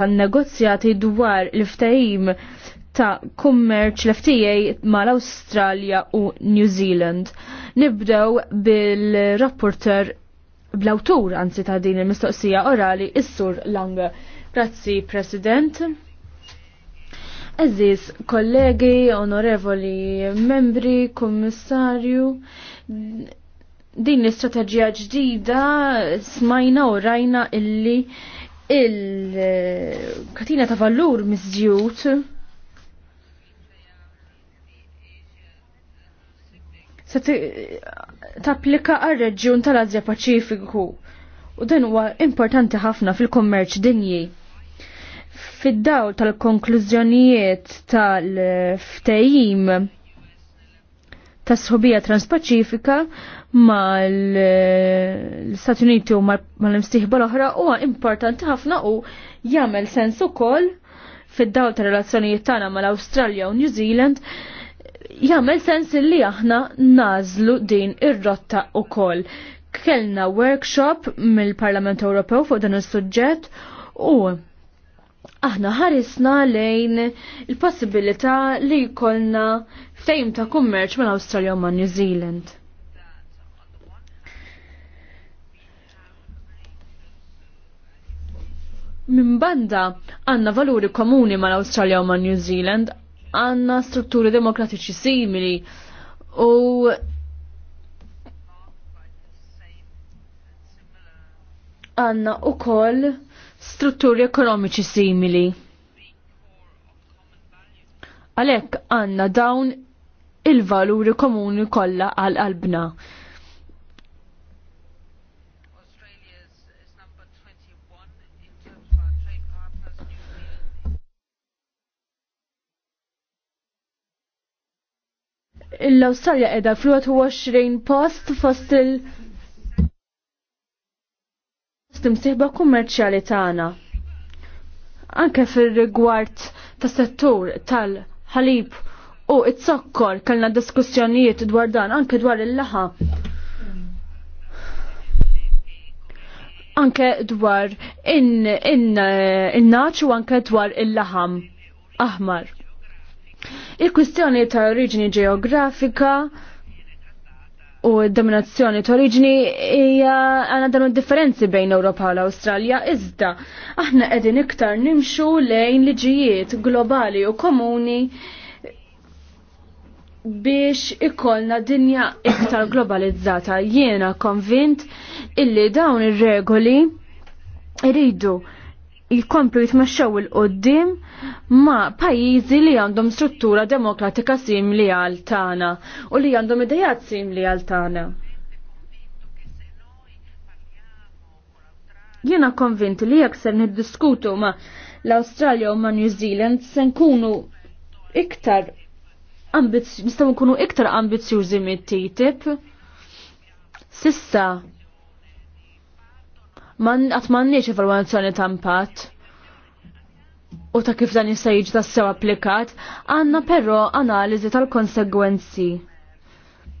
tan-negozjati dwar l-ftajim ta' kummerċ l-FTA mal-Australja u New Zealand. Nibdew bil-rapporter bl-awtur anzi ta' din il-mistoqsija orali is-sur Lang. Grazzi, President. Eżis, kollegi, onorevoli membri, kommissarju, din l-istrateġija ġdida smajna u rajna illi il-katina ta' vallur mizjut se tapplika għal reġjun tal-Azja Paċifiku u dan huwa importanti ħafna fil-kommerċ dinji. Fid-dawl tal-konklużjonijiet tal-ftejim ta' sħobija transpaċifika mal-Stati eh, Uniti u mal-imstiħba l-oħra huwa importanti ħafna u jagħmel sens ukoll fid-dawl ta' relazzjonijiet tagħna mal-Awstralja u New Zealand jagħmel sens li aħna nażlu din ir-rotta ukoll. Kellna workshop mill-Parlament Ewropew fuq dan is-suġġett u aħna ħarisna lejn il-possibilità li jkollna fejm ta' kummerċ mill awstralja u New Zealand. Min banda għanna valuri komuni mal awstralja u ma' New Zealand, għanna strutturi demokratiċi simili u għanna u koll strutturi ekonomiċi simili. Għalek għanna dawn il-valuri komuni kollha għal qalbna. l australia edha fl-21 post fost il- fost imsieħba kummerċjali tagħna. Anke fir-rigward tas settur tal-ħalib u it-sokkor kellna diskussjonijiet dwar dan anke dwar il-laħa. Anke dwar in naċu u anke dwar il-laħam aħmar. Il-kwistjoni ta' oriġini ġeografika u d-dominazzjoni ta' oriġni hija għandna dan differenzi bejn Ewropa u l-Awstralja iżda aħna qegħdin iktar nimxu lejn liġijiet globali u komuni biex ikollna dinja iktar globalizzata. Jiena konvint illi dawn ir-regoli iridu il jkomplu jitmexxew il-qoddim ma' pajjiżi li għandhom struttura demokratika simli għal tagħna u li għandhom idejat simli għal tagħna. Jiena konvinti li jekk se niddiskutu ma' l-Awstralja u ma' New Zealand se nkunu iktar nistgħu nkunu iktar ambizjużi mit-TTIP. Sissa man għatmanniex evalwazzjoni ta' impatt u ta' kif dan jista' jiġi tassew applikat, għandna però analiżi tal-konsegwenzi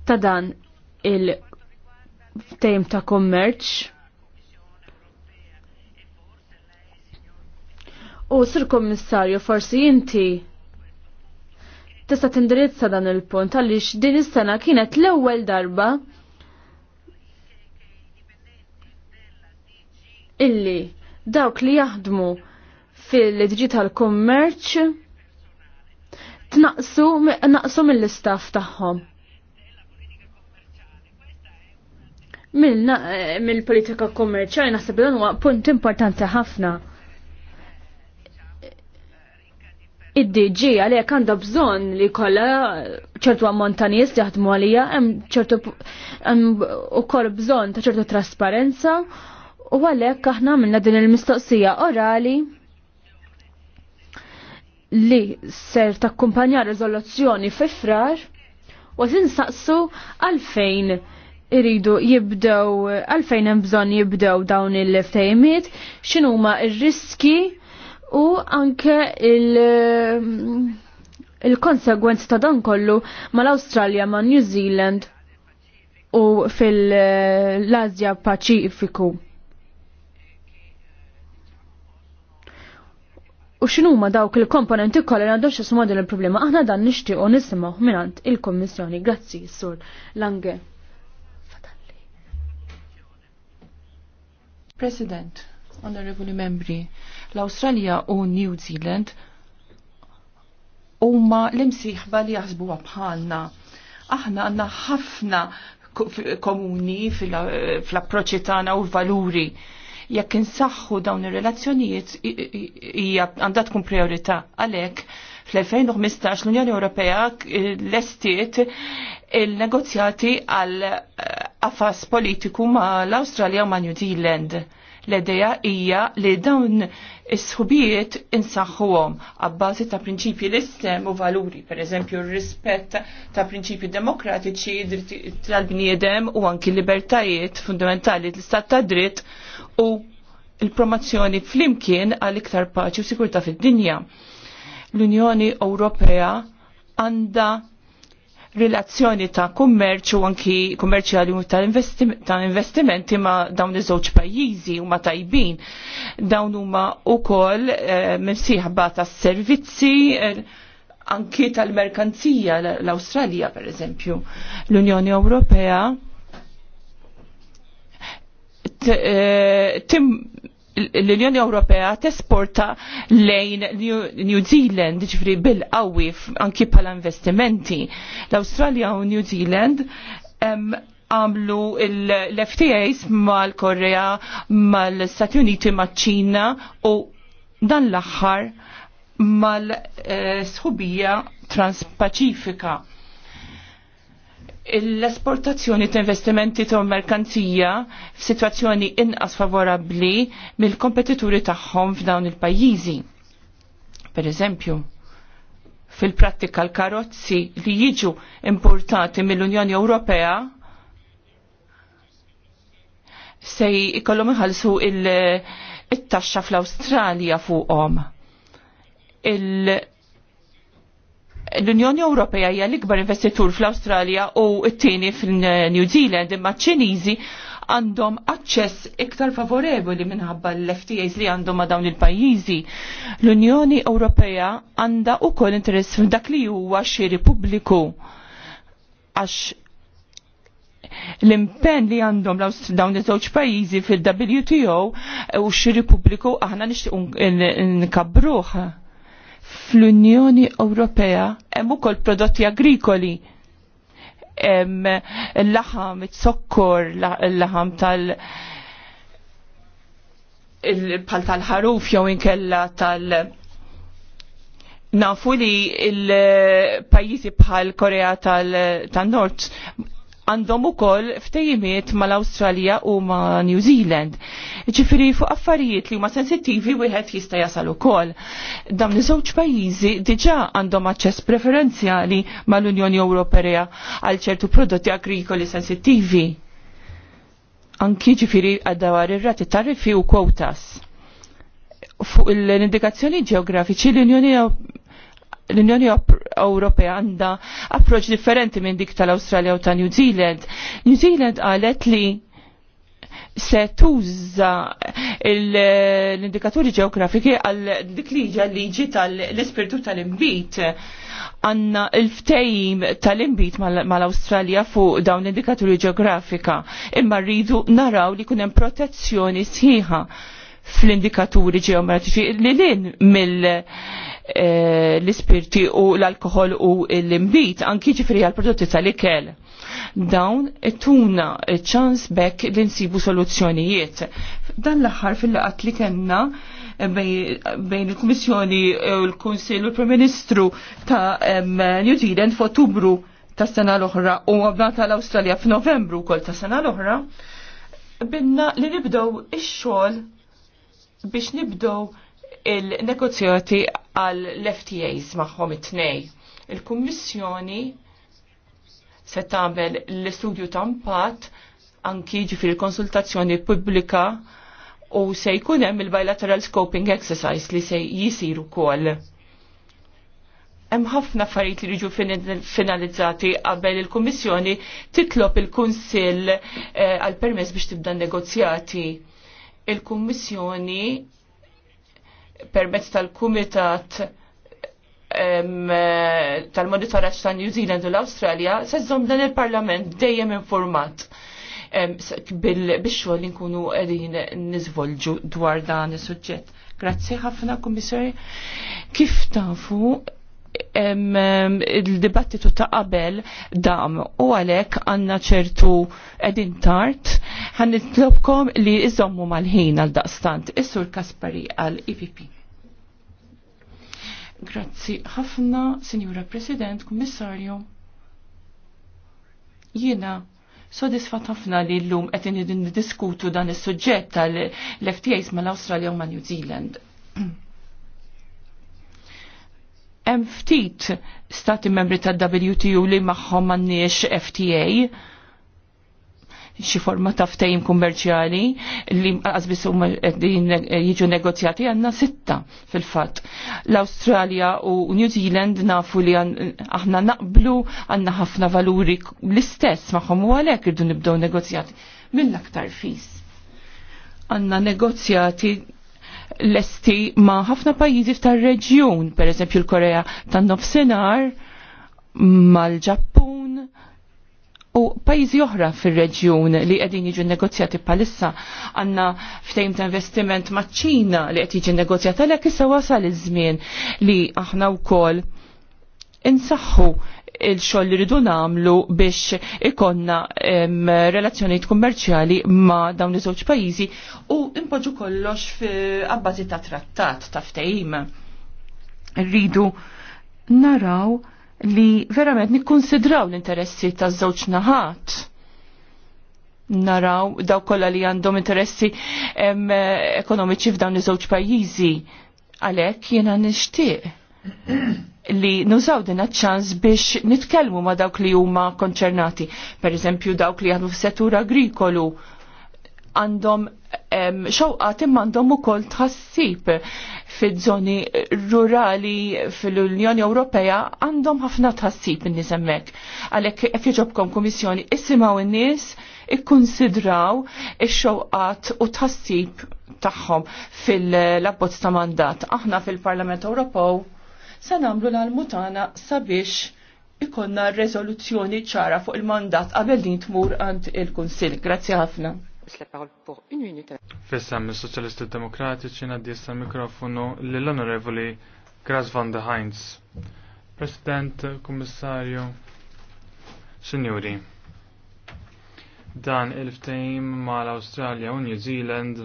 ta' dan il-tejm ta' kommerċ. U sir kommissarju forsi inti tista' tindirizza dan il-punt għaliex din is-sena kienet l-ewwel darba illi dawk li jaħdmu fil-digital commerce tnaqsu naqsu mill-istaff tagħhom. Eh, mill-politika kommerċjali naħseb dan huwa punt importanti ħafna. id-DG għalhekk għandha bżonn li kollha ċertu ammont ta' nies jaħdmu għalija, hemm ċertu ukoll bżonn ta' ċertu trasparenza U għalhekk aħna minna din il-mistoqsija orali li ser takkumpanja riżoluzzjoni fifrar u saqsu għalfejn iridu jibdew għalfejn hemm bżonn jibdew dawn il-ftejmiet, x'inhuma ir-riski u anke il- il-konsegwenz ta' dan kollu mal-Australja ma' New Zealand u fil-Azja Paċifiku. u x'inhuma dawk il-komponenti kollha li xis x'ismu il-problema. Aħna dan nixtiequ nisimgħu minant il kommissjoni Grazzi, Sur Lange. President, onorevoli membri, l-Awstralja u New Zealand huma l-imsieħba li jaħsbu bħalna. Aħna għandna ħafna komuni fl approċi tagħna u l-valuri jekk insaħħu dawn ir-relazzjonijiet hija għandha tkun priorità għalhekk fl-2015 l-Unjoni Ewropea lestiet il-negozjati għal eh, affas politiku ma' l-Australia u ma' New Zealand. L-ideja hija li dawn is-sħubijiet insaħħuhom għabbażi ta' prinċipji l-istem u valuri, per eżempju rispett ta' prinċipji demokratiċi, dritti tal-bniedem u anki libertajiet fundamentali l-istat ta' dritt u il-promozzjoni flimkien għal iktar paċi u sikurta fid-dinja. L-Unjoni Ewropea għanda relazzjoni ta' kummerċ u anki kummerċjali u ta' investimenti ma' dawn iż-żewġ pajjiżi u ma' tajbin. Dawn huma wkoll e, mimsieħba ta' servizzi e, anki tal-merkanzija l-Awstralja per eżempju. L-Unjoni Ewropea Eh, l-Unjoni Ewropea tesporta lejn New Zealand, ġifri bil-qawwi anki bħala investimenti. l awstralja u New Zealand għamlu l-FTAs mal-Korea, mal-Stati Uniti, mal-ċina u dan l-axħar mal-sħubija eh, transpacifika l-esportazzjoni ta' investimenti ta' merkanzija f'sitwazzjoni inqas favorabbli mill-kompetituri tagħhom f'dawn il-pajjiżi. Per eżempju, fil-prattika l-karozzi li jiġu importati mill-Unjoni Ewropea se jkollhom iħallsu il-taxxa fl-Awstralja fuqhom l-Unjoni Ewropea hija l-ikbar investitur fl-Awstralja u t-tieni fil-New Zealand imma ċ-Ċiniżi għandhom aċċess iktar favorevoli minħabba l-FTAs li għandhom ma' dawn il-pajjiżi. L-Unjoni Ewropea għandha wkoll interess f'dak li huwa xiri pubbliku għax l-impenn li għandhom dawn iż-żewġ pajjiżi fil-WTO u xiri pubbliku aħna nixtiequ nkabruh fl-Unjoni Ewropea hemm ukoll prodotti agrikoli il laħam it-sokkor, l-laħam tal- pal tal-ħaruf jew inkella tal- Nafu li il-pajjiżi bħal Korea tal-Nord għandhom ukoll ftejimiet mal-Awstralja u ma' New Zealand. Ġifiri fuq affarijiet li huma sensittivi wieħed jista' jasal ukoll. Dawn iż-żewġ pajjiżi diġà għandhom aċċess preferenzjali mal-Unjoni Ewropea għal ċertu prodotti agrikoli sensittivi. Anki ġifiri għaddawar ir-rati tariffi u kwotas. Fuq l-indikazzjoni ġeografiċi l-Unjoni l-Unjoni Ewropea għandha approċ differenti minn dik tal-Awstralja u ta' New Zealand. New Zealand qalet li se tuża l-indikaturi ġeografiki għal dik liġa liġi tal-ispirtu tal-imbit għanna il-ftejim tal-imbit mal-Australia mal fuq dawn l-indikaturi ġeografika imma rridu naraw li kunem protezzjoni sħiħa fl-indikaturi ġeometriċi li lin mill eh, l-ispirti u l-alkohol u l-imbit, anki ġifri għal-prodotti tal-ikel. Dawn tuna ċans bekk li nsibu soluzzjonijiet. Dan l-axar fil-laqat li kena eh, bejn il-Komissjoni u l konsil u l-Prim-Ministru ta' New Zealand f'Ottubru ta' sena l-oħra u għabna tal-Australja f'Novembru kol ta' sena l-oħra, binna li nibdow ix-xogħol biex nibdow il-negozjati għal l-FTAs magħhom it-tnej. Il-Kummissjoni se tagħmel l-istudju ta' impatt anki ġifir konsultazzjoni pubblika u se jkun hemm il-bilateral scoping exercise li se jisir ukoll hemm ħafna affarijiet li jiġu finalizzati qabel il-Kummissjoni titlob il-Kunsill eh, għal permess biex tibda negozjati il-Kummissjoni permezz tal-Kumitat tal-monitoraġġ ta' New Zealand u l-Awstralja se żżomm dan il-Parlament dejjem informat bil-xogħol li nkunu qegħdin nizvolġu dwar dan is-suġġett. Grazzi ħafna, Kummissjoni. Kif tafu il-dibattitu ta' qabel dam u għalek għanna ċertu edin tart għan nitlobkom li iżommu mal-ħin għal-daqstant. Is-sur Kaspari għal-IPP. E Grazzi ħafna, Sinjura President, Kummissarju. Jiena sodisfat ħafna li l-lum qed diskutu dan is-suġġett tal-FTAs mal-Awstralja u ma' New Zealand. hemm ftit stati membri tad-WTU li magħhom m'għandniex FTA xi forma ta' ftehim kummerċjali li qasbis huma jiġu negozjati għandna sitta fil-fatt. L-Awstralja u New Zealand nafu li aħna naqblu għandna ħafna valuri l-istess magħhom u għalhekk irdu nibdew negozjati mill-aktar fis. Għandna negozjati lesti ma' ħafna pajjiżi ftar reġjun, per eżempju l-Korea tan nofsinhar mal-Ġappun u pajjiżi oħra fir-reġjun li qegħdin jiġu negozjati bħalissa għandna ftehim ta' investiment maċ-Ċina li qed jiġi negozjat għalhekk issa wasal iż-żmien li aħna wkoll insaħħu il-xoll li ridu namlu biex ikonna relazzjoni kummerċjali ma dawn iż-żewġ pajjiżi u impoġġu kollox f'abbażi ta' trattat ta' ftehim. Rridu naraw li verament nikkonsidraw l-interessi ta' żewġ naħat naraw daw kolla li għandhom interessi ekonomiċi f'dawn iż-żewġ pajjiżi. Għalhekk jiena nixtieq li nużaw din ċans biex nitkellmu ma dawk li huma konċernati. Per eżempju dawk li għadu f-settur agrikolu għandhom xoqqa imma għandhom ukoll tħassib fiż-żoni rurali fil-Unjoni Ewropea għandhom ħafna tħassib in-nies hemmhekk. Għalhekk komissjoni, jogħġobkom n isimgħu in-nies ikkunsidraw u tħassib tagħhom fil labbozz ta' mandat. Aħna fil-Parlament Ewropew sanamlu nagħmlu l-mutana sabiex ikonna rezoluzzjoni ċara fuq il-mandat għabel din tmur għand il-Kunsill. Grazzi ħafna. Fissa mis soċjalisti Demokratiċi nadjessa mikrofonu l-Onorevoli Gras van de Heinz. President, Kummissarju, Sinjuri dan il-ftejm mal-Australia u New Zealand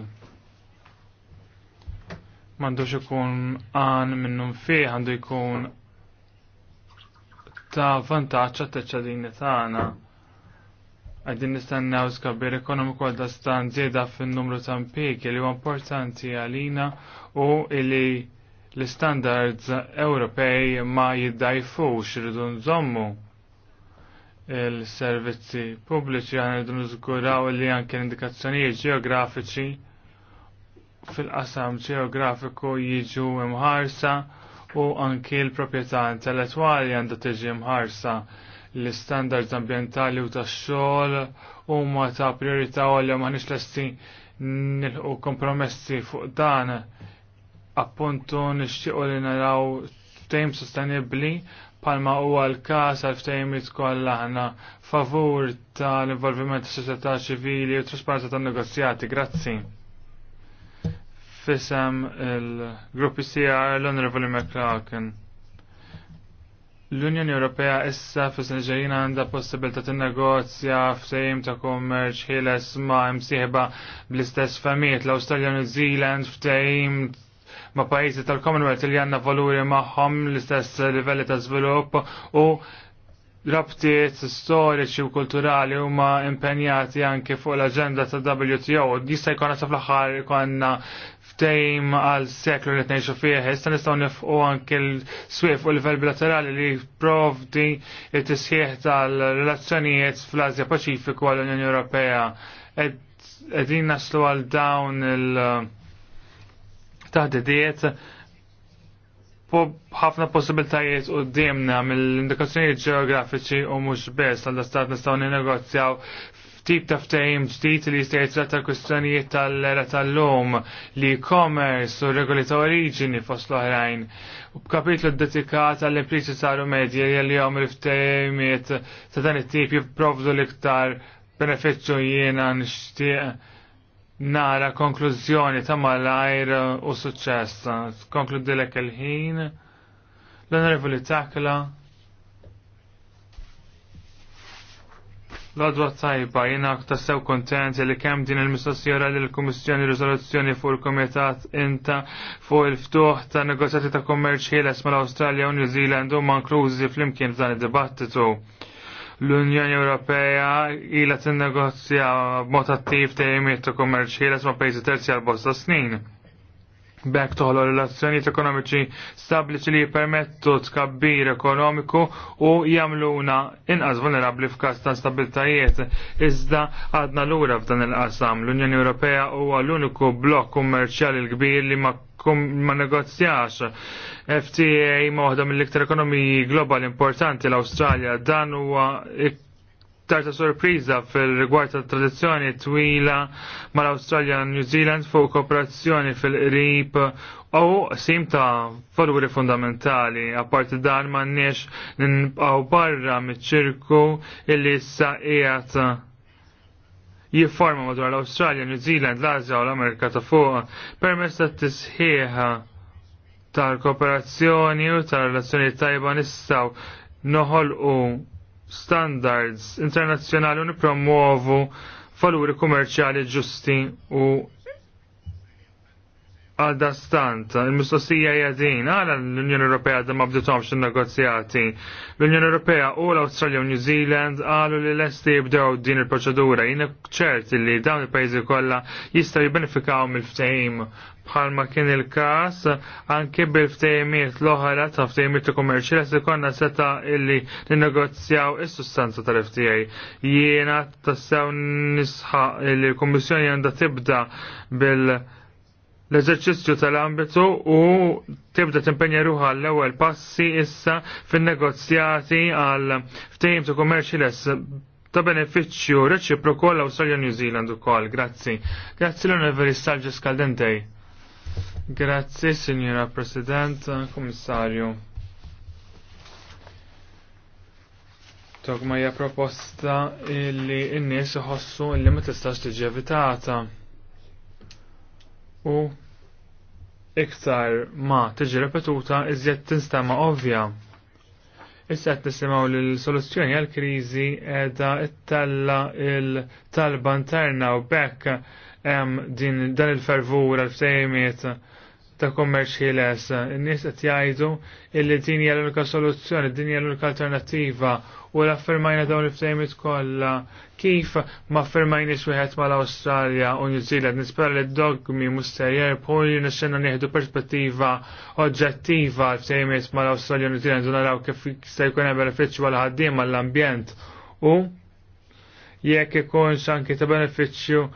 mandux ikun għan minnum fih għandu jkun ta' vantaċ ta' teċċadini tagħna. Għaddin nistennew skabir ekonomiku għadda stan zjeda fin-numru ta' impjiegi li huwa importanti għalina u li l-standards Ewropej ma jiddajfux irridu nżommu il-servizzi pubbliċi għan irridu nżguraw li anke indikazzjonijiet ġeografiċi fil-qasam ġeografiku jiġu imħarsa u anki l-proprjetà intellettwali għandha tiġi mħarsa l-standards ambientali u tax-xogħol huma ta' priorità għalja ma' lesti nilħu kompromessi fuq dan appuntu nixtiequ li naraw ftehim sostenibbli palma huwa l-każ għal ftehimiet kollha aħna favur tal-involviment tas-soċjetà ċivili u trasparenza tan-negozjati. Grazzi. Fisem il-gruppi CR l honorable McLaughlin. L-Unjoni Ewropea issa fis-sen ġejjina għandha possibilità tinnegozja f'sejm ta' kummerċ ħieles ma' msieħba bl-istess famijiet l-Awstralja New Zealand f'tejm ma' pajjiżi tal-Commonwealth li għandna valuri magħhom l-istess livelli ta' żvilupp u rabtiet storiċi u kulturali huma impenjati anke fuq l-aġenda ta' WTO. Jista' jkun sa fl-aħħar konna Tejm għal seklu li t-nejxu fieħ, issa nistaw nifqu anke l-swif u l-level bilaterali li provdi il-tisħieħ tal-relazzjonijiet fl-Azja Paċifiku għal Unjoni Ewropea. Edin naslu għal dawn il-taħdidiet uh, ħafna possibiltajiet u d-dimna mill-indikazzjonijiet ġeografiċi u mux bes għal-dastat nistaw negozjaw tip ta' ftehim ġdid li jista' jitratta tal kwistjonijiet tal-era tal-lum li e-commerce u regoli ta' oriġini fost l-oħrajn. U b'kapitlu dedikat għall impliċi saru medja li jom li ftehimiet ta' dan it-tip jipprovdu l-iktar benefiċċju jiena nixtieq nara konklużjoni ta' malajr u suċċess. Konkludilek il-ħin. L-onorevoli takla. L-għadwa tajba jina tassew kontent li kem din il-mistoqsija li l-Komissjoni Rizoluzzjoni fuq il-Komitat inta fuq il-ftuħ ta' negozjati ta' kommerċ ħieles mal-Awstralja u New Zealand u manklużi fl-imkien f'dan id-dibattitu l-Unjoni Ewropea ilha tinnegozja b'mod attiv jimiet ta' kummerċi ma' pajjiżi terzi għal bosta snin. Bek toħlo relazzjonijiet ekonomiċi stabliċi li permettu tkabbir ekonomiku u jamluna inqas vulnerabli f'każ ta' stabiltajiet. Iżda għadna lura f'dan il-qasam. L-Unjoni Ewropea huwa l-uniku blokk kummerċjali l-kbir li ma ma negozjax. FTA ma waħda mill-iktar ekonomiji globali importanti l-Awstralja dan huwa tarta sorpriża fil-rigward ta' tradizzjoni twila mal u New Zealand fuq kooperazzjoni fil-qrib u sim ta' valuri fundamentali. Apparti dan m'għandniex ninbqgħu barra miċ-ċirku illi issa qiegħed jifforma madwar l australia New Zealand, l-Azja u l-Amerika ta' fuq permezz ta' tisħiħ tal-kooperazzjoni u tal-relazzjoni tajba nistaw noħolqu standards internazzjonali u nipromuovu valuri kummerċjali ġusti u għadda stant, il-mistoqsija jadin, għala l-Unjoni Ewropea da ma bditomx il-negozjati. L-Unjoni Ewropea u l-Australia u New Zealand għalu li l-esti jibdew din il-proċedura, jina ċert li dawn il-pajzi kolla jistaw jibenefikaw mill bħal bħalma kien il-kas anke bil-ftejmiet l-oħra ta' ftejmiet kummerċi li konna seta illi ninnegozjaw is-sustanza tal-FTA. Jiena tassew nisħa li l-Kommissjoni għanda tibda bil- l-eżerċizzju tal-ambitu u tibda timpenja ruħa l-ewwel passi issa fin-negozjati għal ftehim ta' kummerċi less ta' beneficju reċiproku għal Australia New Zealand ukoll. Grazzi. Grazzi l-Univeri Salġis Caldentej. Grazzi, Signora President, Komissarju. Togma hija proposta illi n-nies iħossu illi ma tistax tiġi evitata u iktar ma tiġi repetuta iżjed tinstema ovvja. Issa qed nisimgħu li l-soluzzjoni għall kriżi qiegħda ttella il-talba interna u bekk hemm din dan il-fervur għal ftehimiet ta' kummerċ ħieles. In-nies qed jgħidu illi din hija l-unika soluzzjoni, din hija l-unika alternattiva u l-affermajna dawn il ftajmit kollha kif ma affermajniex wieħed mal-Awstralja u New Zealand nispera li d-dogmi muster jerpu li nixxenna nieħdu perspettiva oġġettiva l-ftehimiet mal-Awstralja u New Zealand u naraw kif se jkun hemm benefiċċju għal ħaddiem għall-ambjent u jekk ikunx anki ta' benefiċċju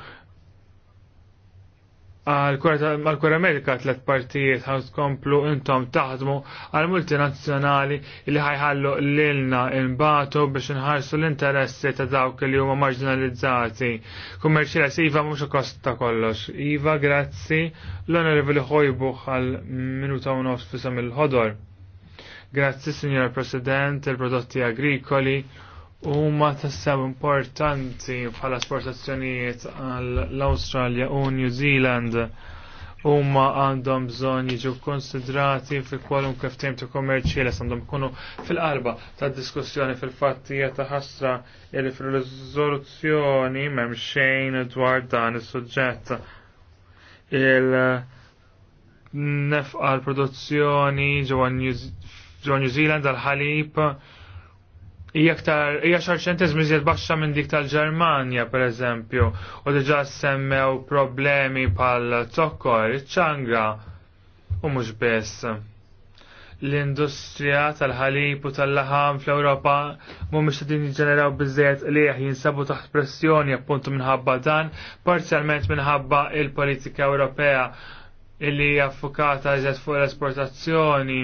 għal-Kura Amerika tlet partijiet għan tkomplu intom taħdmu għal-multinazzjonali li ħajħallu l-ilna imbatu biex nħarsu l-interessi ta' dawk li huma marginalizzati. Kummerċila Iva mux kosta kollox. Iva, grazzi, l-onorevoli ħojbu għal-minuta u nofs fissam il-ħodor. Grazzi, Signor President, il-prodotti agrikoli huma tassew importanti bħala sportazzjonijiet għall australia u New Zealand huma għandhom bżonn jiġu konsidrati fi kwalunkwe ftehim ta' kommerċjali għandhom ikunu fil-qalba ta' diskussjoni fil-fattija ta' ħasra li fil-riżoluzzjoni m'hemm xejn dwar dan is-suġġett. Il nefqa l-produzzjoni ġewwa New Zealand għal ħalib hija aktar ċentez miżjed baxxa minn dik tal-Ġermanja pereżempju u diġà semmew problemi pal tokkor iċ-ċanga u mhux biss. L-industrija tal-ħalib u tal-laħam fl-Ewropa mhumiex din jiġġeneraw biżejjed liħ jinsabu taħt pressjoni appuntu minħabba dan, parzjalment minħabba il-politika Ewropea illi hija affukata fuq l-esportazzjoni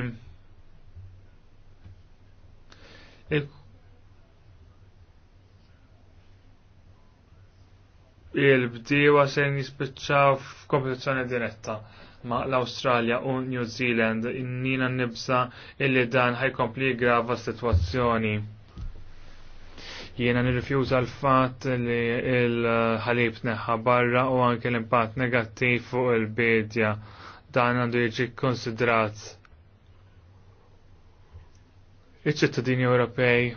il bdiwa se jispiċċaw f'kompetizzjoni diretta ma' l australia u New Zealand innina nibsa illi dan ħajkompli grava situazzjoni. Jiena nirrifjuża l-fatt li l-ħalib neħħa barra u anke l-impatt negattiv fuq il-bedja dan għandu jiġi konsidrat. Iċ-ċittadini Ewropej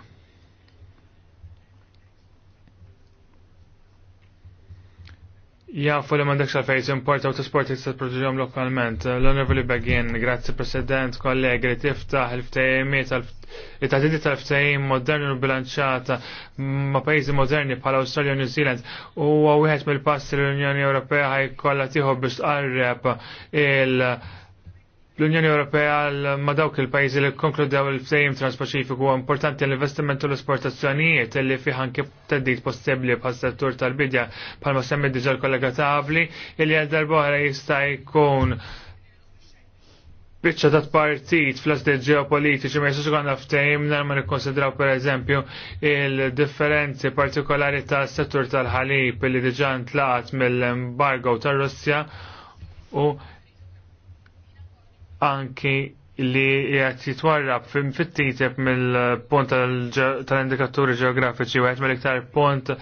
Jafu li mandek xalfej importa u t-sporti t-produġom lokalment. l onorvoli Begin, grazzi President, kollegi li tiftaħ il-ftejmiet, li taħdidi tal-ftejim moderni u bilanċata ma pajizi moderni bħala Australia u New Zealand u għawihet mill-pass l-Unjoni Ewropea ħaj kolla tiħu biex tqarreb il- L-Unjoni Ewropea ma dawk il-pajjiżi li konkludew il-ftehim transpaċifiku huwa importanti l-investiment u l-esportazzjonijiet li fih anke teddit possibbli bħal settur tal-bidja bħalma semmi diġà l-kollega Avli illi għal darbohra jista' jkun biċċa ta' partit fl-asdi ġeopolitiċi ma jistax għandna ftehim nar ma nikkonsidraw pereżempju il-differenzi partikolari tas settur tal-ħalib li diġà ntlaqat mill-embargo tar-Russja u anki li jgħat jitwarrab fim fit titep mill-pont tal-indikaturi ġeografiċi u mill-iktar pont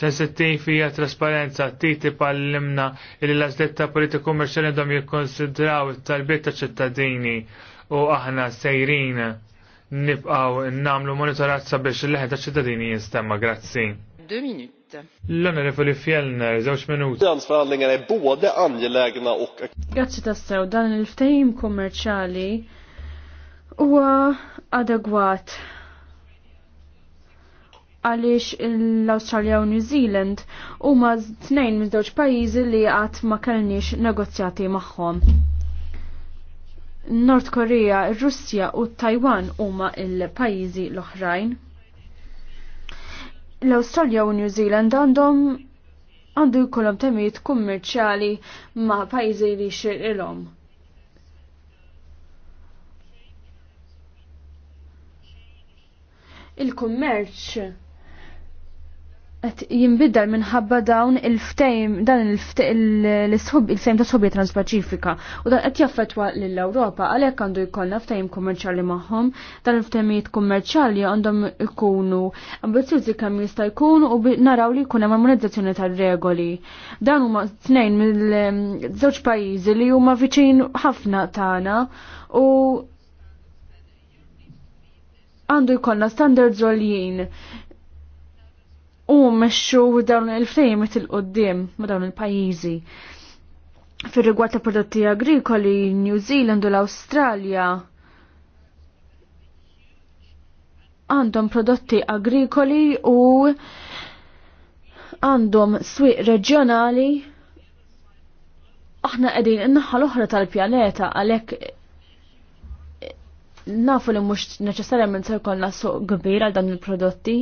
sensittiv hija trasparenza TTIP għallimna li l azdetta ta' politika kummerċjali dom jikkonsidraw it-talbiet ta' ċittadini u aħna sejrin nibqaw namlu monitorazza biex il-leħet ta' ċittadini jistemma. Grazzi. 2 minuti minuter. L-onorevoli Fjellner, żewġ fjällna, det är både angelägna och Grazzi tassew dan il-ftehim kummerċali huwa adegwat għaliex l-Australia u New Zealand huma tnejn minn żewġ pajjiżi li qatt ma kellniex negozjati magħhom. Nord Korea, Russja u Taiwan huma il-pajjiżi l-oħrajn l australia u New Zealand għandhom għandu jkollhom temijiet kummerċjali ma' pajjiżi li xilhom. Il-kummerċ qed minħabba dawn il-ftejm dan il-sħub il-sejm ta' sħubiet transpaċifika u dan qed jaffettwa lill-Ewropa għalhekk għandu jkollna ftejm kummerċjali magħhom dan il-ftejmijiet kummerċjali għandhom ikunu ambizzjużi kemm jista' jkunu u naraw li jkun hemm armonizzazzjoni tar-regoli. Dan huma tnejn mill-żewġ pajjiżi li huma viċin ħafna tagħna u għandu jkollna standards għoljien u mexxu dawn il-fejmet il-qoddim ma dawn il-pajjiżi. Fir rigward ta' prodotti agrikoli, New Zealand u l-Awstralja għandhom prodotti agrikoli u għandhom swieq reġjonali aħna qegħdin in-naħa l-oħra tal-pjaneta għalhekk nafu li mhux neċessarjament se jkollna suq kbir għal dan il-prodotti.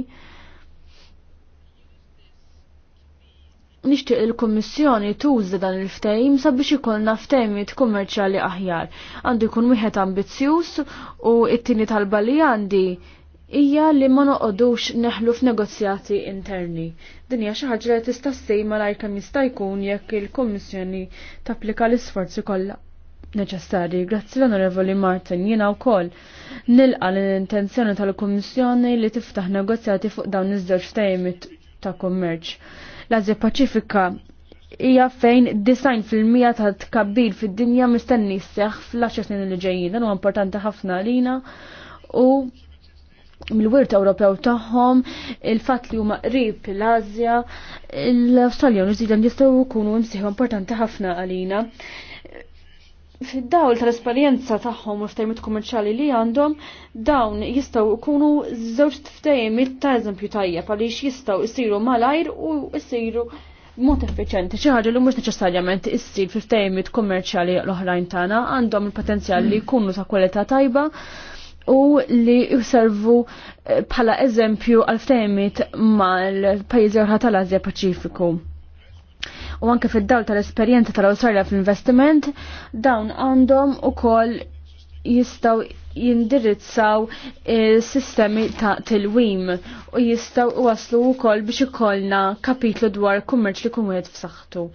nixtieq il-Kummissjoni tuża dan il-ftehim sabiex ikollna ftehimiet kummerċjali aħjar. Għandu jkun wieħed ambizzjuż u t-tieni talba li għandi hija li ma noqogħdux neħlu f'negozjati interni. Din hija xi ħaġa li tista' ssej malajr kemm jista' jkun jekk il-Kummissjoni tapplika l-isforzi kollha neċessarji. Grazzi l-Onorevoli Martin, jiena wkoll nilqa l-intenzjoni tal-Kummissjoni li tiftaħ negozjati fuq dawn iż-żewġ ta' kummerċ. L-Azja Paċifika hija fejn 90% ta' tkabbir fid-dinja mistenni seħ fl-10 snin li ġejjin. Dan huwa importanti ħafna lina u mill-wirt Ewropew tagħhom il-fatt li huma qrib l-Asja, l-Awstralja u New Zealand jistgħu jkunu msieħ importanti ħafna għalina fid-dawl tal-esperjenza tagħhom u ftajmit kummerċjali li għandhom, dawn jistgħu jkunu żewġ ftejmit ta' eżempju tajjeb għaliex jistgħu jsiru malajr u jsiru mod effiċenti. Xi ħaġa li mhux neċessarjament issir fil ftejmit kummerċjali l-oħrajn tagħna għandhom il-potenzjal li jkunu ta' kwalità tajba u li jservu eh, bħala eżempju għal ftejmit mal-pajjiżi oħra tal azja Paċifiku u anke fid-dawl tal-esperjenza tal-Awstralja fl-investiment dawn għandhom ukoll jistaw jindirizzaw eh, sistemi ta' tilwim u jistaw waslu u kol biex ikollna kapitlu dwar kummerċ li kumwet wieħed f'saħħtu.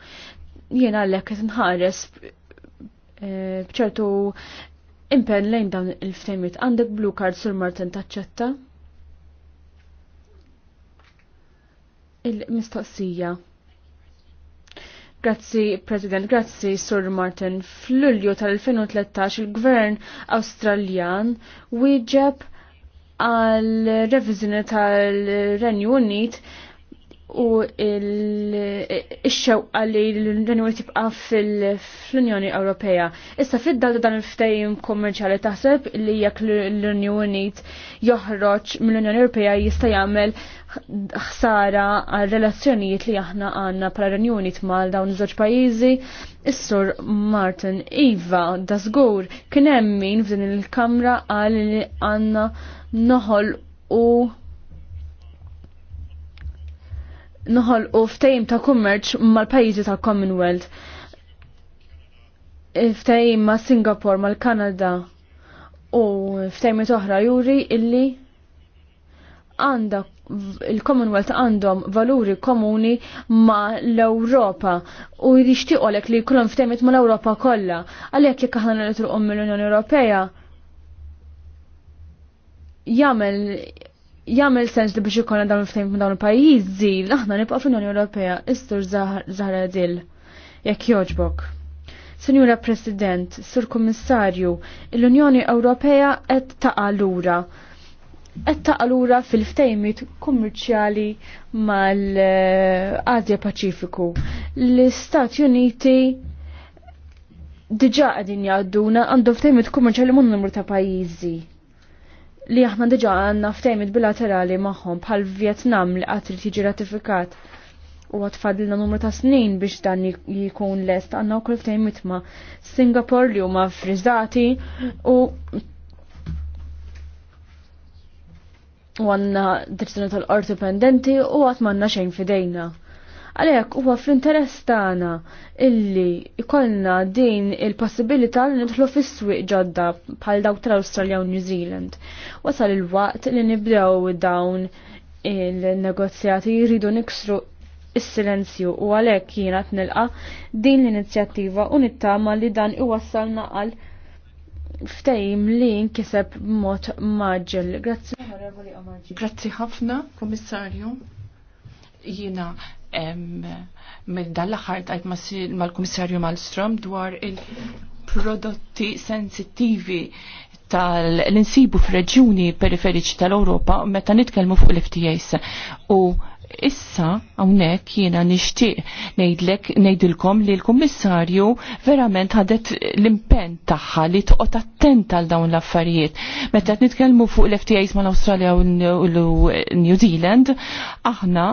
Jiena għalhekk qed nħares eh, bċertu impen lejn dawn il ftejmit Għandek blue card sur Martin taċċetta? Il-mistoqsija. Grazzi, President, grazzi, Sur Martin. fl tal-2013 il-Gvern Awstraljan wieġeb għal revizjoni tal-Renju Unit u il-xewqa li l-Unjoni Uniti tibqa fil-Unjoni Ewropea. Issa fid-dal dan il ftajim kommerċjali taħseb li jekk l-Unjoni Unit joħroġ mill-Unjoni Ewropeja jista' jagħmel ħsara għal relazzjonijiet li aħna għandna bħala l-Unjoni Unit mal dawn iż-żewġ pajjiżi. Is-Sur Martin Iva Dasgur kien hemm min f'din il-Kamra għal li għandna noħol u noħol u ftejim ta' kummerċ mal-pajizi ta' Commonwealth. Ftejim ma' Singapore, mal-Kanada u ftejim toħra juri illi għanda il-Commonwealth għandhom valuri komuni ma l-Europa u jrixtiqolek li kullum ftemet ma l-Europa kolla. Għalek jek aħna nitruqom mill-Unjoni Ewropea jagħmel jagħmel sens li biex ikollna dawn il-ftehim minn dawn il-pajjiżi, aħna nibqa' fl-Unjoni Ewropea istur Zahra Dil jekk joġbok. Sinjura President, Sur Kummissarju, l-Unjoni Ewropea qed taqa' lura. Qed taqa' lura fil-ftejmit kummerċjali mal-Asja Paċifiku. L-Istati Uniti diġa qegħdin jgħadduna għandu ftejmit kummerċjali mun numru ta' pajjiżi li aħna diġa għanna ftejmit bilaterali maħħom bħal Vietnam li għatri tiġi ratifikat u għatfadlina numru ta' snin biex dan jikun lest għanna u kol ftejmit ma' Singapore li huma frizzati u għanna dirzjoni tal-ortopendenti u għatmanna xejn fidejna. Għalhekk huwa fl-interess tagħna illi ikollna din il-possibilità li nidħlu fis-swieq ġodda bħal dawk tal-Awstralja u New Zealand. Wasal il-waqt li nibdew dawn il-negozjati jridu niksru is-silenzju u għalhekk jiena nilqa din l-inizjattiva u nittama li dan iwassalna għal ftejm li nkiseb mod maġġel. Grazzi. Grazzi ħafna, Komissarju. Jiena dal-aħħar tajt mal-Kummissarju Malmstrom dwar il-prodotti sensittivi tal-insibu f'reġjuni periferiċi tal europa meta nitkellmu fuq l-FTAs u issa hawnhekk jiena nixtieq nejdlek ngħidilkom li l-Kummissarju verament ħadet l-impenn tagħha li toqgħod attenta għal dawn l-affarijiet. Meta qed nitkellmu fuq l-FTAs mal-Awstralja u New Zealand, aħna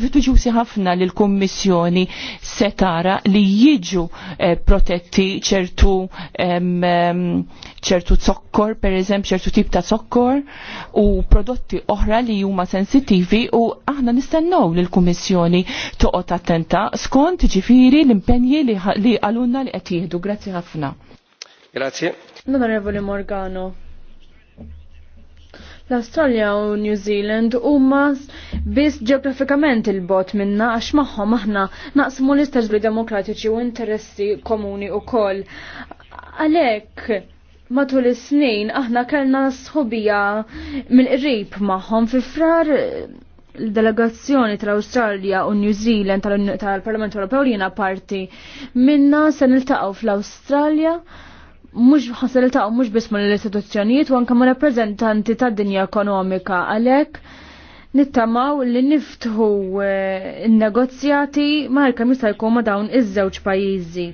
vituġusi ħafna li l-Kommissjoni setara li jiġu eh, protetti ċertu ċertu zokkor, per eżempju, ċertu tip ta' zokkor u prodotti oħra li huma sensitivi u aħna nistennaw li l-Kummissjoni toqgħod attenta skont ġifiri l-impenji li għalunna li qed jieħdu. Grazzi ħafna. Grazie. L-Onorevoli Morgano. L-Australja u New Zealand huma biss ġeografikament il-bot minna għax magħhom aħna naqsmu l-istaġbi demokratiċi u interessi komuni wkoll. Għalhekk matul is-snin aħna kellna sħubija mill-qrib magħhom fi frar l-delegazzjoni tal australia u New Zealand tal-Parlament Ewropew li jiena parti minna se niltaqgħu fl-Awstralja se niltaqgħu mhux biss bismu l-istituzzjonijiet u anke ma' rappreżentanti tad dinja ekonomika għalhekk nittamaw li niftħu eh, n-negozjati ma' jkun ma' dawn iż-żewġ pajjiżi.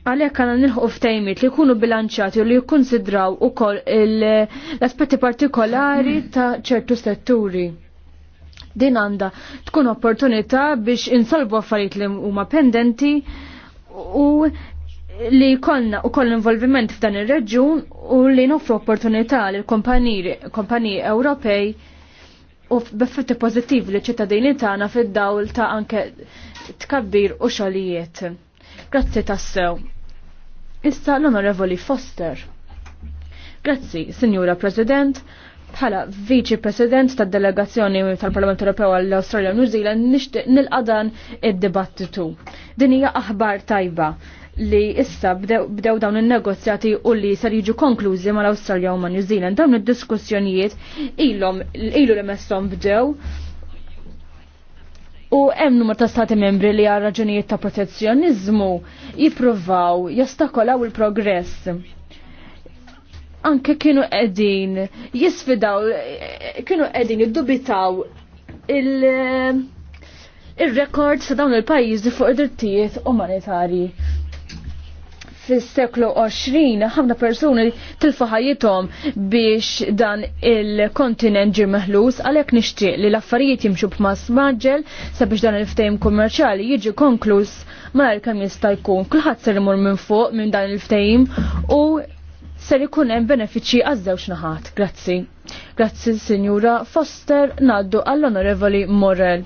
Għalhekk għandna nilħu ftejmiet li jkunu bilanċati u li u ukoll l-aspetti partikolari ta' ċertu setturi. Din għandha tkun opportunità biex insolbu affarijiet li huma pendenti u li konna u koll involviment f'dan ir-reġjun u li nofru opportunità l kompaniji Ewropej u b'effetti pożittivi li ċittadini tagħna fid-dawl ta' anke tkabbir u xogħlijiet. Grazzi tassew. Issa l-Onorevoli Foster. Grazzi, Sinjura President, bħala Viċi President tad delegazzjoni tal-Parlament Ewropew għall australia u New Zealand nixtieq nilqadan id-dibattitu. Din hija aħbar tajba li issa bdew dawn in negozjati u li ser jiġu konklużi mal awstralja u ma' New Zealand. Dawn id-diskussjonijiet ilhom ilu li messhom bdew U hemm numru ta' stati membri li għal raġunijiet ta' protezzjonizmu jippruvaw jostakolaw il-progress. Anke kienu qegħdin jisfidaw, kienu qegħdin iddubitaw il- il-rekord sa' dawn il-pajjiżi fuq id-drittijiet umanitarji fis-seklu 20 ħafna persuni tilfa' ħajjithom biex dan il-kontinent ġie meħlus għalhekk nixtieq li l-affarijiet jimxu b'mas maġġel sabiex dan il-ftehim kummerċjali jiġi konkluż mal kemm jista' jkun. Kulħadd ser imur minn fuq minn dan il-ftehim u ser ikun hemm benefiċċji għaż-żewġ naħat. Grazzi. Grazzi Sinjura Foster ngħaddu għall-Onorevoli Morel.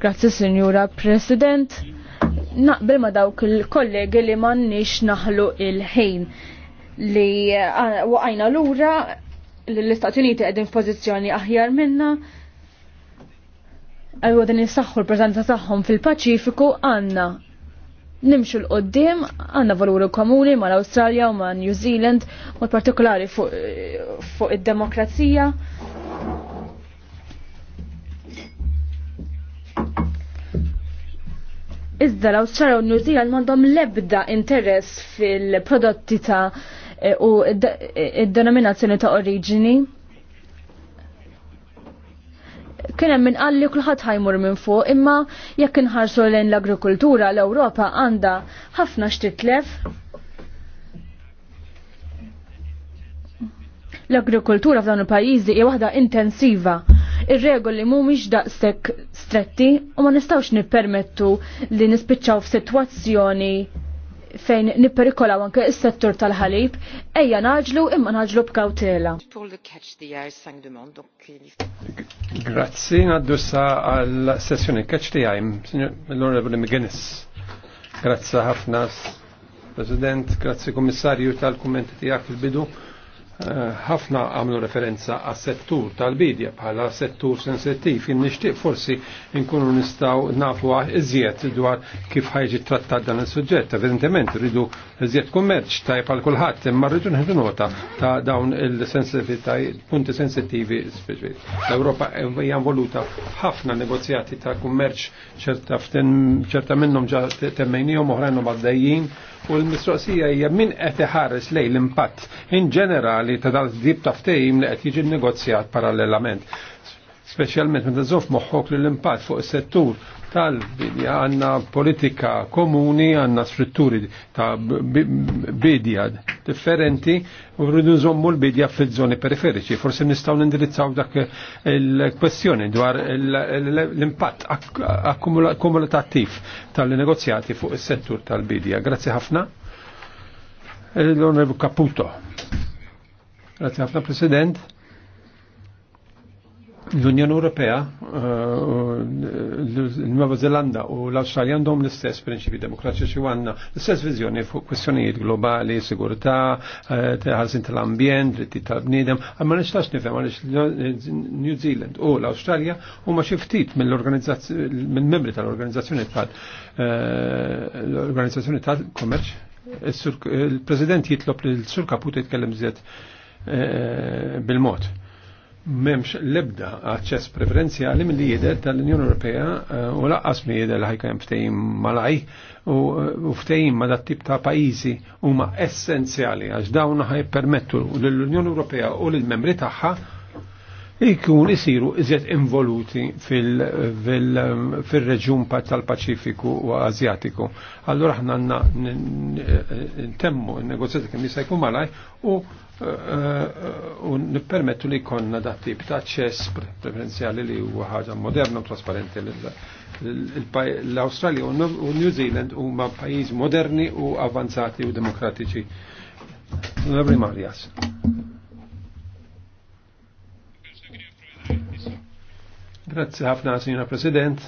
Grazzi Sinjura President naqbel ma dawk il-kollegi li m'għandniex naħlu il-ħin li waqajna lura li l-Istati Uniti qegħdin f'pożizzjoni aħjar minna. Għajwa għedin jisaxħu l-prezenza tagħhom fil pacifiku għandna nimxu l-qoddim għanna valuri komuni ma l-Australia u ma New Zealand, mod partikolari fuq id-demokrazija Iżda l-Awstralja u New Zealand m'għandhom l-ebda interess fil-prodotti ta' e, u e, id-denominazzjoni ta' oriġini. Kien hemm li kulħadd ħajmur minn fuq, imma jekk inħarsu lejn l-agrikoltura l-Ewropa għandha ħafna xtitlef. L-agrikoltura f'dawn il-pajjiżi hija waħda intensiva. Ir-regoli mhumiex daqshekk stretti u ma nistawx nippermettu li nispiċċaw f'sitwazzjoni fejn nipperikolaw anke s settur tal-ħalib, ejja naġlu imma naġlu b'kawtela. Grazzi, naddu sa għal sessjoni catch the eye, l-Onorevoli McGuinness. Grazzi ħafna, President, grazzi Kommissarju tal-kummenti tiegħek fil-bidu ħafna għamlu referenza għas settur tal-bidja bħala settur sensittiv, In nixtieq forsi nkunu nistgħu nafu iżjed dwar kif ħajġi trattat dan is-suġġett. Evidentement rridu iżjed kummerċ tajjeb għal kulħadd, imma rridu nħidu nota ta' dawn il-punti sensittivi L-Ewropa hija involuta ħafna negozjati ta' kummerċ ċerta minnhom ġa temmejnihom oħrajn għaddejjin u l-mistoqsija hija min qed iħares lej l-impatt in ġenerali li ta' dal dib ta' ftejim li qed jiġi negozjat parallelament. Speċjalment meta żof moħħok li l impatt fuq is-settur tal-bidja għandna politika komuni, għandna strutturi ta' bidja differenti u rridu nżommu l-bidja fil-żoni periferiċi. Forse nistgħu nindirizzaw dak il-kwestjoni dwar l-impatt akkumulattiv tal-negozjati fuq is-settur tal-bidja. Grazzi ħafna l onorevu Caputo. Grazie ħafna President. L-Unjoni Ewropea, eh, l-Nuova Zelanda u l australia għandhom l-istess prinċipi demokratiċi u għandna l-istess viżjoni fuq kwestjonijiet globali, sigurtà, eh, ħarsin tal-ambjent, dritti tal-bniedem, għamma nistax nifhem għaliex New Zealand u l australia huma xi ftit mill-membri tal-organizzazzjoni tal-organizzazzjoni eh, tal-kommerċ. Il-President jitlob li l-Sur Kaput jitkellem zjed bil-mod. Memx lebda aċċess preferenzjali mill-li jider tal-Unjoni Ewropea u laqqas mill-li jider ħajka hemm ftejim malaj u ftehim ma dat tip ta' pajjiżi huma essenzjali għax dawn permettu lill-Unjoni Ewropea u lill-membri tagħha jkun isiru iżjed involuti fil-reġjun tal-Paċifiku u Azjatiku. Allura ħna għandna temmu n-negozjati kemm jista' jkun malaj u Eh, eh, u nippermettu li konna da tip ta' ċess preferenzjali li huwa ħaġa moderna u trasparenti l-Australia u New Zealand huma pajjiż moderni u avanzati u demokratiċi. Onorevoli Marias. Grazie ħafna, signora President.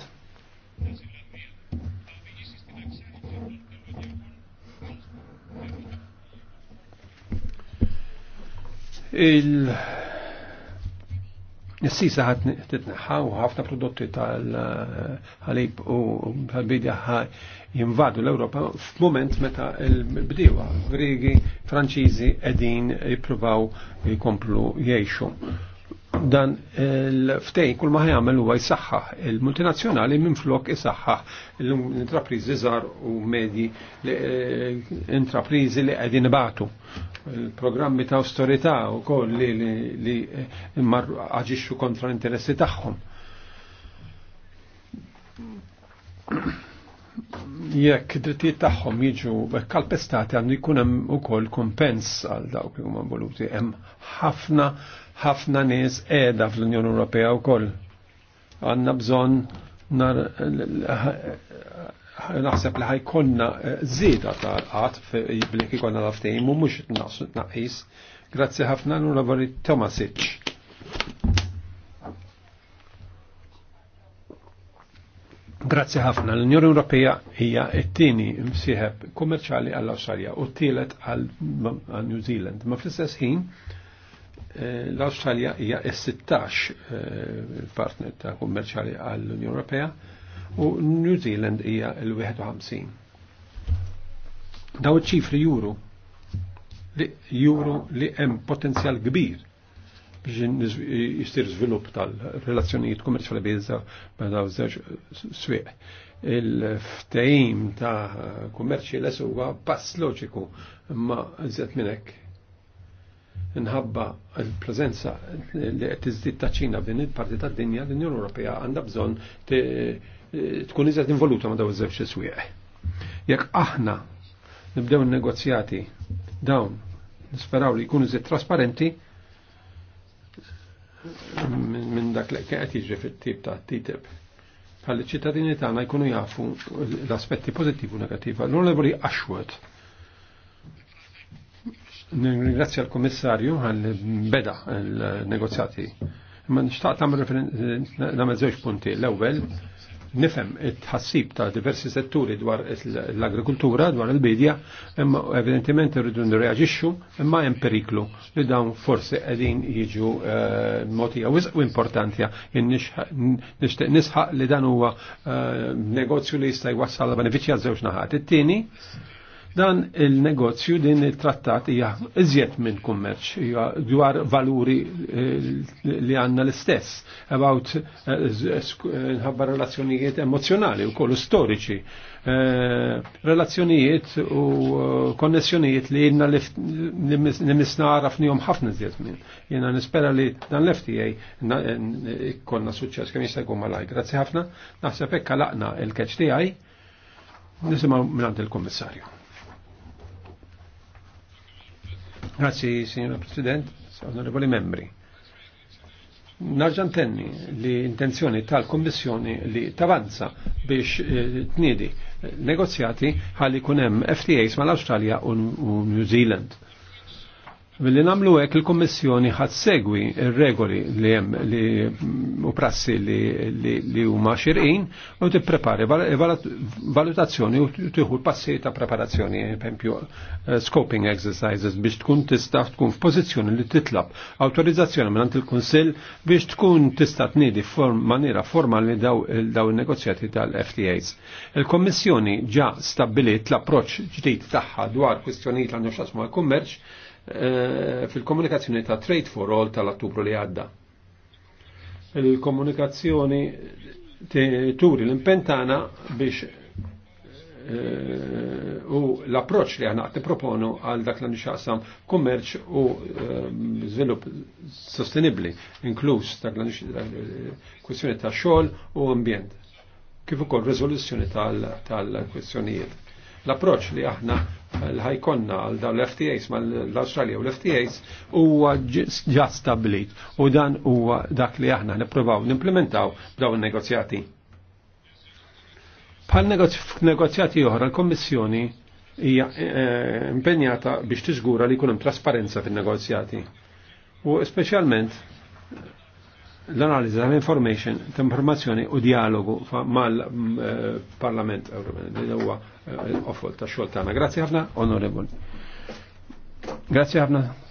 il Nissisa ħat titneħħa u ħafna prodotti tal-ħalib u tal-bidja jinvadu l-Europa f-moment meta l-bdiewa Grigi, Franċiżi edin jippruvaw jikomplu jgħixu dan il-ftejn kull ma ħajamel huwa jsaħħaħ il-multinazzjonali minflok isaħħaħ l-intrapriżi żgħar u medji eh, intrapriżi li qegħdin ibatu. Il-programmi ta' u wkoll li aġixxu kontra l-interessi tagħhom. Jekk drittijiet tagħhom jiġu kalpestati għandu jkun hemm ukoll kompens għal dawk li huma voluti hemm ħafna ħafna nies qiegħda fl-Unjoni Ewropea wkoll. Għandna bżonn nar naħseb li ħajkonna żieda ta' qatt blek ikonna laftejn u mhux tnaqqis. Grazzi ħafna l-Onorevoli Tomasic. Grazzi ħafna. L-Unjoni Ewropea hija t-tieni msieħeb kummerċjali għall-Awstralja u t-tielet għal New Zealand. Ma fl-istess ħin l australia hija s-16 eh, partner ta' kummerċali għall-Unjoni Ewropea u New Zealand hija l-51. Daw ċifri juru li juru li hemm potenzjal kbir biex jistir żvilupp tal-relazzjonijiet kummerċjali bejza ma' daw żewġ swieq. Il-ftehim ta' kummerċi l huwa pass loġiku ma' iżjed minn hekk nħabba l-prezenza li qed iżdid ta' Ċina f'din il-parti tad-dinja l-Unjoni Ewropea għandha bżonn eh, tkun iżgħet involuta ma' daw iż-żewġ iswieq. Jekk aħna nibdew negozjati dawn nisperaw li jkunu iżjed trasparenti minn dak li qed jiġri fit-tip ta' TTIP bħal ċittadini tagħna jkunu jafu l-aspetti pożittivi u negattivi. L-onorevoli Ashworth Ringrazzja l-Komissarju għal-beda l-negozjati. Ma nishtaq namel zewġ punti. L-ewwel, nifem it-ħassib ta' diversi setturi dwar l-agrikultura, dwar il-bidja, imma evidentement rridu nirreagixxu, imma hemm periklu li dawn forsi qegħdin jiġu eh, motija u importanti nixtieq nisħaq li dan huwa eh, negozju li jista' jwassal benefiċċja żewġ naħat. It-tieni Dan il-negozju din it-trattat hija iżjed minn kummerċ, hija dwar valuri eh, li għandna l-istess, about eh, nħabba relazzjonijiet emozjonali u kollu storiċi, eh, relazzjonijiet u konnessjonijiet li jenna li misna għarafnijom ħafna iżjed minn. Jena nispera li dan l-FTA konna suċċess kemm jista' jkun malaj. Grazzi ħafna, naħseb hekk laqna il-keċ tiegħi. Nisimgħu minn il-Kummissarju. Grazzi, signora President, onorevoli membri. narġantenni li intenzjoni tal-Kommissjoni li tavanza biex eh, t-nidi negozjati ħalli kunem FTAs mal-Australia u New Zealand. Billi namlu hekk il-Kommissjoni ħad segwi il regoli li hemm li u prassi li huma xirqin u tipprepari valutazzjoni u tieħu l-passi ta' preparazzjoni, pempju eh, scoping exercises biex tkun tista' tkun f'pożizzjoni li titlab awtorizzazzjoni mingħand il-Kunsill biex tkun tista' tniedi maniera formali daw in-negozjati tal-FTAs. Il-Kommissjoni ġa stabbiliet l-approċċ ġdid tagħha dwar kwistjonijiet għandu x'asma għal kummerċ Eh, fil-komunikazzjoni ta' Trade for All tal-Ottubru li għadda. Il-komunikazzjoni turi l-impentana biex eh, u l-approċ li għana proponu għal dak l xaqsam kummerċ u zvilup eh, sostenibli, inkluż dak l-kwestjoni ta' xogħol u ambjent. Kif ukoll riżoluzzjoni tal-kwestjonijiet. L-approċ li aħna l-ħajkonna għal daw l-FTAs ma l-Australia u l-FTAs huwa ġa stablit u dan huwa dak li aħna nippruvaw nimplementaw daw il-negozjati. Bħal negozjati oħra l-Kommissjoni hija eh, eh, impenjata biex tiżgura li jkun hemm trasparenza fin-negozjati. U speċjalment l-analiza tal-information, tal-informazzjoni u dialogu mal-Parlament mm, eh, Ewropew. huwa eh, offol ta' xogħol tagħna. Grazzi ħafna, onorevoli. Grazzi ħafna.